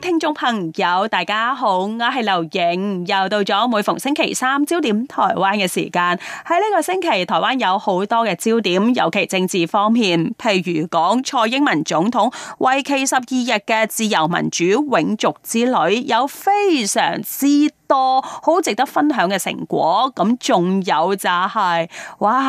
聽眾朋友，大家好，我係劉穎，又到咗每逢星期三焦點台灣嘅時間。喺呢個星期，台灣有好多嘅焦點，尤其政治方面，譬如講蔡英文總統為期十二日嘅自由民主永續之旅，有非常之多好值得分享嘅成果，咁仲有就係、是、哇，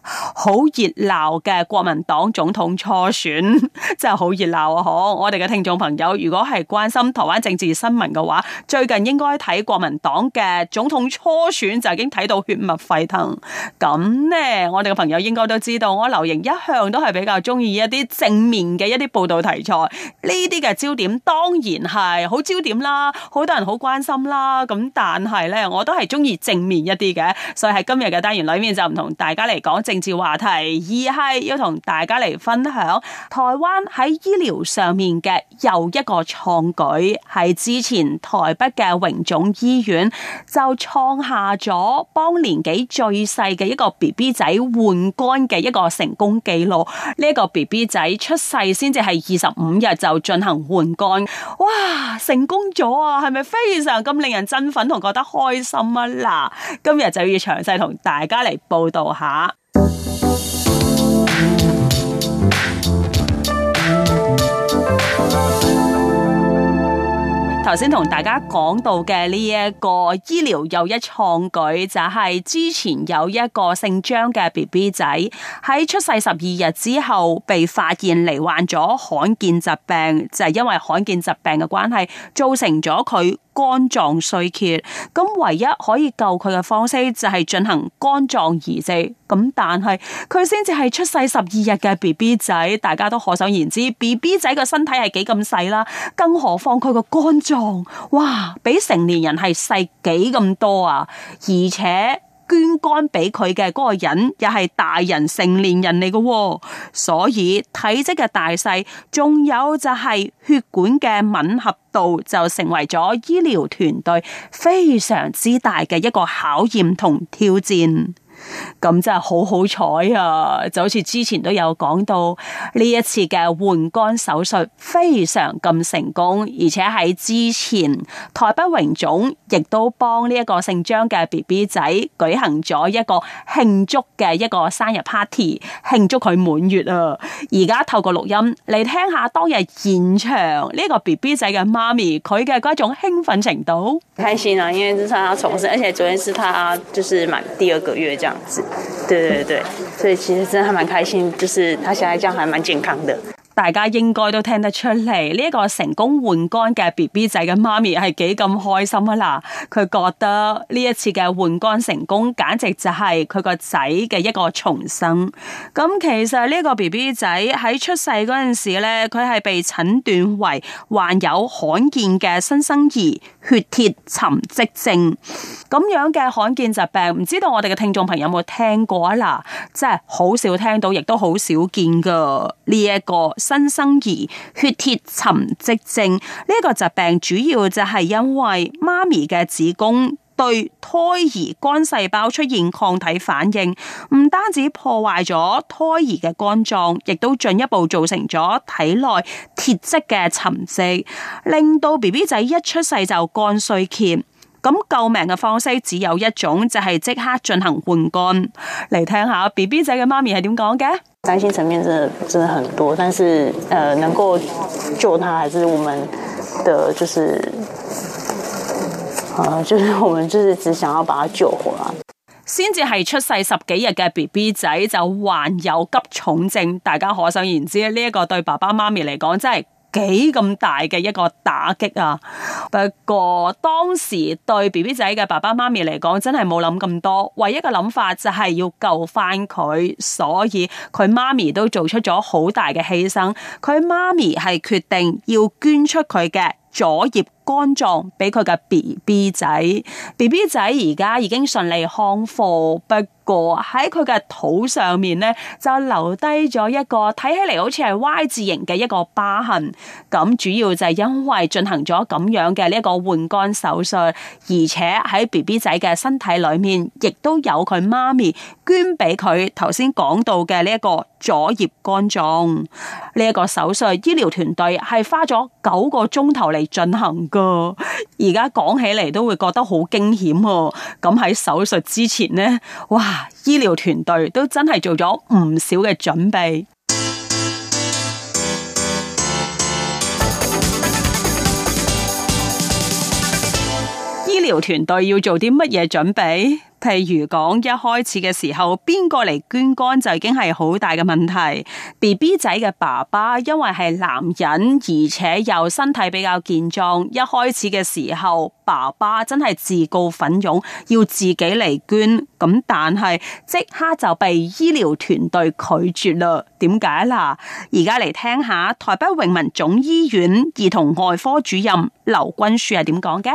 好熱鬧嘅國民黨總統初選， 真係好熱鬧啊！嗬，我哋嘅聽眾朋友，如果係關心台灣政治新聞嘅話，最近應該睇國民黨嘅總統初選就已經睇到血脈沸騰。咁咧，我哋嘅朋友應該都知道，我劉瑩一向都係比較中意一啲正面嘅一啲報道題材，呢啲嘅焦點當然係好焦點啦，好多人好關心啦，咁。但係咧，我都係中意正面一啲嘅，所以喺今日嘅單元裏面就唔同大家嚟講政治話題，而係要同大家嚟分享台灣喺醫療上面嘅又一個創舉，係之前台北嘅榮總醫院就創下咗幫年紀最細嘅一個 B B 仔換肝嘅一個成功記錄。呢個 B B 仔出世先至係二十五日就進行換肝，哇！成功咗啊，係咪非常咁令人震撼？粉同覺得開心啦、啊，今日就要詳細同大家嚟報道下。頭先同大家講到嘅呢一個醫療又一創舉，就係、是、之前有一個姓張嘅 B B 仔喺出世十二日之後被發現罹患咗罕見疾病，就係、是、因為罕見疾病嘅關係造成咗佢。肝臟衰竭，咁唯一可以救佢嘅方式就係進行肝臟移植，咁但係佢先至係出世十二日嘅 B B 仔，大家都可想而知，B B 仔個身體係幾咁細啦，更何況佢個肝臟，哇，比成年人係細幾咁多啊，而且。捐肝俾佢嘅嗰個人又係大人，成年人嚟㗎喎，所以體積嘅大細，仲有就係血管嘅吻合度，就成為咗醫療團隊非常之大嘅一個考驗同挑戰。咁真係好好彩啊！就好似之前都有講到呢一次嘅換肝手術非常咁成功，而且喺之前台北榮總亦都幫呢一個姓張嘅 B B 仔舉行咗一個慶祝嘅一個生日 party，慶祝佢滿月啊！而家透過錄音嚟聽下當日現場呢個 B B 仔嘅媽咪佢嘅嗰種興奮程度，開心啊！因為真係重生，而且昨天是佢就是滿第二個月，對對對，所以其實真的還蠻開心，就是他現在這樣還蠻健康的。大家應該都聽得出嚟，呢一個成功換肝嘅 B B 仔嘅媽咪係幾咁開心啊！嗱，佢覺得呢一次嘅換肝成功，簡直就係佢個仔嘅一個重生。咁其實呢個 B B 仔喺出世嗰陣時呢，佢係被診斷為患有罕見嘅新生兒血鐵沉積症咁樣嘅罕見疾病。唔知道我哋嘅聽眾朋友有冇聽過啊？嗱，即係好少聽到，亦都好少見噶呢一個。新生兒血鐵沉積症呢個疾病主要就係因為媽咪嘅子宮對胎兒肝細胞，出現抗體反應，唔單止破壞咗胎兒嘅肝臟，亦都進一步造成咗體內鐵質嘅沉積，令到 BB 仔一出世就肝衰竭。咁救命嘅方式只有一種，就係即刻進行換肝。嚟聽下 B B 仔嘅媽咪係點講嘅？擔心層面真係真係很多，但是誒、呃，能夠救他，還是我們的就是啊、呃，就是我們就是只想要把他救活。來。先至係出世十幾日嘅 B B 仔就患有急重症，大家可想而知呢一、這個對爸爸媽咪嚟講真，幾咁大嘅一個打擊啊！不過當時對 BB 仔嘅爸爸媽咪嚟講，真係冇諗咁多，唯一嘅諗法就係要救翻佢，所以佢媽咪都做出咗好大嘅犧牲。佢媽咪係決定要捐出佢嘅。左葉肝臟俾佢嘅 B B 仔，B B 仔而家已經順利康復，不過喺佢嘅肚上面咧就留低咗一個睇起嚟好似係 Y 字形嘅一個疤痕。咁主要就係因為進行咗咁樣嘅呢一個換肝手術，而且喺 B B 仔嘅身體裏面亦都有佢媽咪捐俾佢頭先講到嘅呢一個左葉肝臟，呢一個手術，醫療團隊係花咗九個鐘頭嚟進行噶，而家講起嚟都會覺得好驚險喎！咁喺手術之前呢，哇，醫療團隊都真係做咗唔少嘅準備。醫療團隊要做啲乜嘢準備？譬如講一開始嘅時候，邊個嚟捐肝就已經係好大嘅問題。B B 仔嘅爸爸因為係男人，而且又身體比較健壯，一開始嘅時候，爸爸真係自告奮勇要自己嚟捐。咁但係即刻就被醫療團隊拒絕啦。點解啦？而家嚟聽下台北榮民總醫院兒童外科主任劉君恕係點講嘅。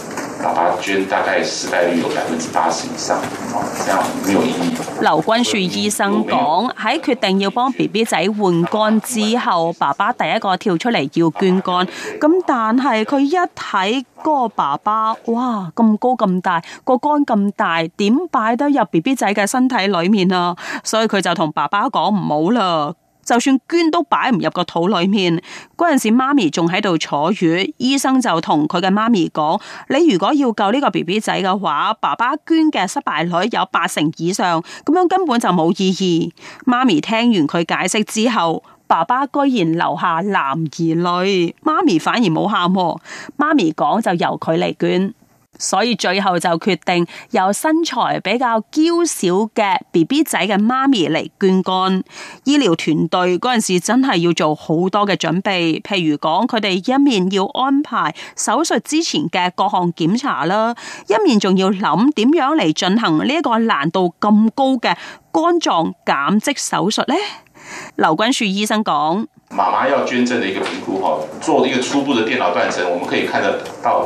爸爸捐大概失敗率有百分之八十以上，哦、嗯，這樣沒有意義。劉君恕醫生講喺決定要幫 B B 仔換肝之後，爸爸第一個跳出嚟要捐肝，咁但係佢一睇嗰個爸爸，哇咁高咁大，個肝咁大，點擺得入 B B 仔嘅身體裏面啊？所以佢就同爸爸講唔好啦。就算捐都擺唔入個肚裏面，嗰陣時媽咪仲喺度坐月，醫生就同佢嘅媽咪講：你如果要救呢個 BB 仔嘅話，爸爸捐嘅失敗率有八成以上，咁樣根本就冇意義。媽咪聽完佢解釋之後，爸爸居然留下男兒女，媽咪反而冇喊。媽咪講就由佢嚟捐。所以最後就決定由身材比較嬌小嘅 B B 仔嘅媽咪嚟捐肝醫療團隊。醫療團隊嗰陣時真係要做好多嘅準備，譬如講，佢哋一面要安排手術之前嘅各項檢查啦，一面仲要諗點樣嚟進行呢一個難度咁高嘅肝臟減積手術呢？劉君恕醫生講：媽媽要捐贈嘅一個評估，吓做一個初步嘅電腦斷層，我們可以看得到。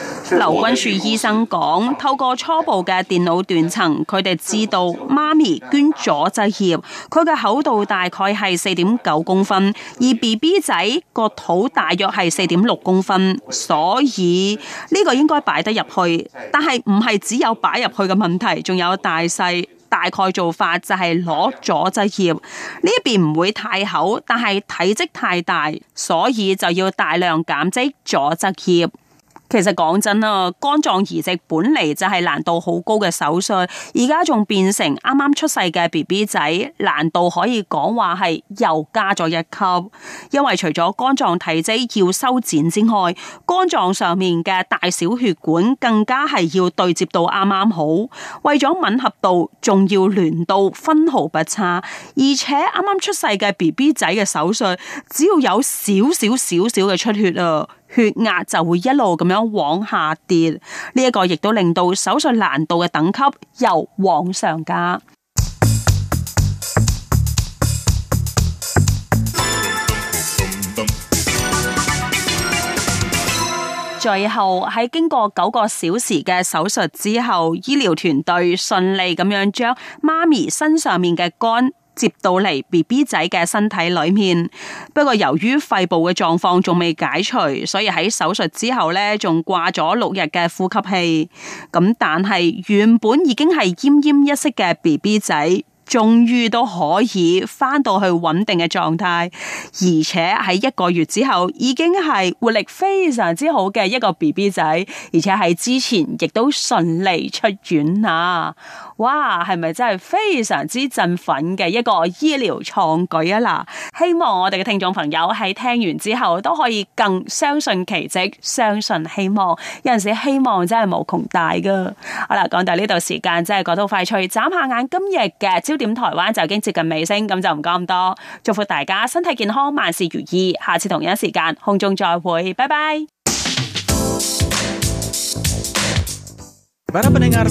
劉君樹醫生講，透過初步嘅電腦斷層，佢哋知道媽咪捐左側葉，佢嘅厚度大概係四點九公分，而 B B 仔個肚大約係四點六公分，所以呢個應該擺得入去。但係唔係只有擺入去嘅問題，仲有大細，大概做法就係攞左側葉呢邊唔會太厚，但係體積太大，所以就要大量減積左側葉。其實講真啊，肝臟移植本嚟就係難度好高嘅手術，而家仲變成啱啱出世嘅 B B 仔，難度可以講話係又加咗一級。因為除咗肝臟體積要修剪之外，肝臟上面嘅大小血管更加係要對接到啱啱好，為咗吻合度，仲要聯到分毫不差。而且啱啱出世嘅 B B 仔嘅手術，只要有少少少少嘅出血啊，血壓就會一路咁樣往下跌，呢一個亦都令到手術難度嘅等級又往上加。 最後喺經過九個小時嘅手術之後，醫療團隊順利咁樣將媽咪身上面嘅肝。接到嚟 B B 仔嘅身體裏面，不過由於肺部嘅狀況仲未解除，所以喺手術之後呢，仲掛咗六日嘅呼吸器。咁但係原本已經係奄奄一息嘅 B B 仔，終於都可以翻到去穩定嘅狀態，而且喺一個月之後已經係活力非常之好嘅一個 B B 仔，而且係之前亦都順利出院啦。哇，係咪真係非常之振奮嘅一個醫療創舉啊嗱！希望我哋嘅聽眾朋友喺聽完之後都可以更相信奇蹟，相信希望。有陣時希望真係無窮大噶。好啦，講到呢度時間真係覺得快脆，眨下眼今日嘅焦點台灣就已經接近尾聲，咁就唔講咁多。祝福大家身體健康，萬事如意。下次同一時間空中再會，拜拜。